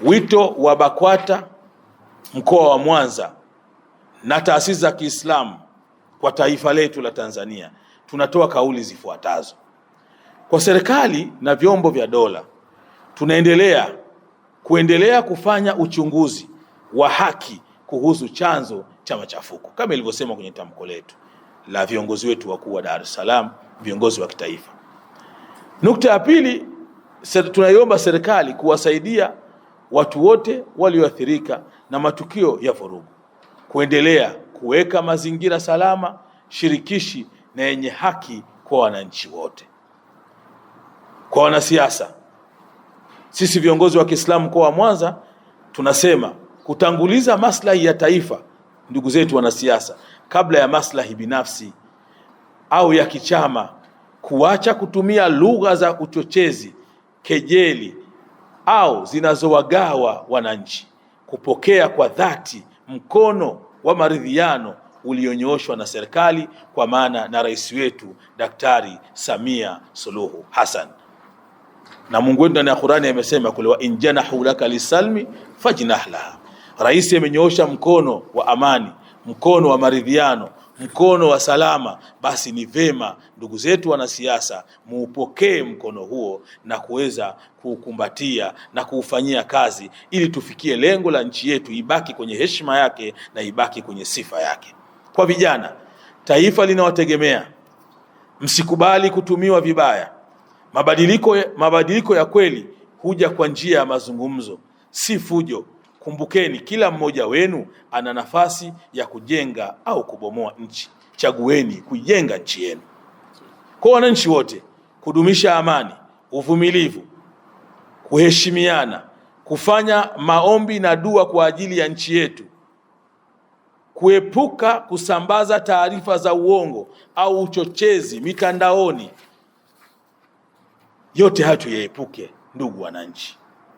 Wito wa BAKWATA mkoa wa Mwanza na taasisi za Kiislamu kwa taifa letu la Tanzania, tunatoa kauli zifuatazo. Kwa serikali na vyombo vya dola, tunaendelea kuendelea kufanya uchunguzi wa haki kuhusu chanzo cha machafuko kama ilivyosema kwenye tamko letu la viongozi wetu wakuu wa Dar es Salaam, viongozi wa kitaifa. Nukta ya pili, tunaiomba serikali kuwasaidia watu wote walioathirika na matukio ya vurugu, kuendelea kuweka mazingira salama, shirikishi na yenye haki kwa wananchi wote. Kwa wanasiasa, sisi viongozi wa Kiislamu mkoa wa Mwanza tunasema kutanguliza maslahi ya taifa, ndugu zetu wanasiasa, kabla ya maslahi binafsi au ya kichama, kuacha kutumia lugha za uchochezi, kejeli au zinazowagawa wananchi kupokea kwa dhati mkono wa maridhiano ulionyooshwa na serikali kwa maana na rais wetu Daktari Samia Suluhu Hassan. Na Mungu wetu ndani ya Qur'ani amesema kule, wa injanahu laka lisalmi fajnahlaha Rais amenyoosha mkono wa amani, mkono wa maridhiano mkono wa salama, basi ni vema ndugu zetu wanasiasa muupokee mkono huo na kuweza kuukumbatia na kuufanyia kazi, ili tufikie lengo la nchi yetu ibaki kwenye heshima yake na ibaki kwenye sifa yake. Kwa vijana, taifa linawategemea, msikubali kutumiwa vibaya. Mabadiliko, mabadiliko ya kweli huja kwa njia ya mazungumzo, si fujo Kumbukeni, kila mmoja wenu ana nafasi ya kujenga au kubomoa nchi. Chagueni kujenga nchi yenu. Kwa wananchi wote, kudumisha amani, uvumilivu, kuheshimiana, kufanya maombi na dua kwa ajili ya nchi yetu, kuepuka kusambaza taarifa za uongo au uchochezi mitandaoni. Yote hayo tuyaepuke, ndugu wananchi.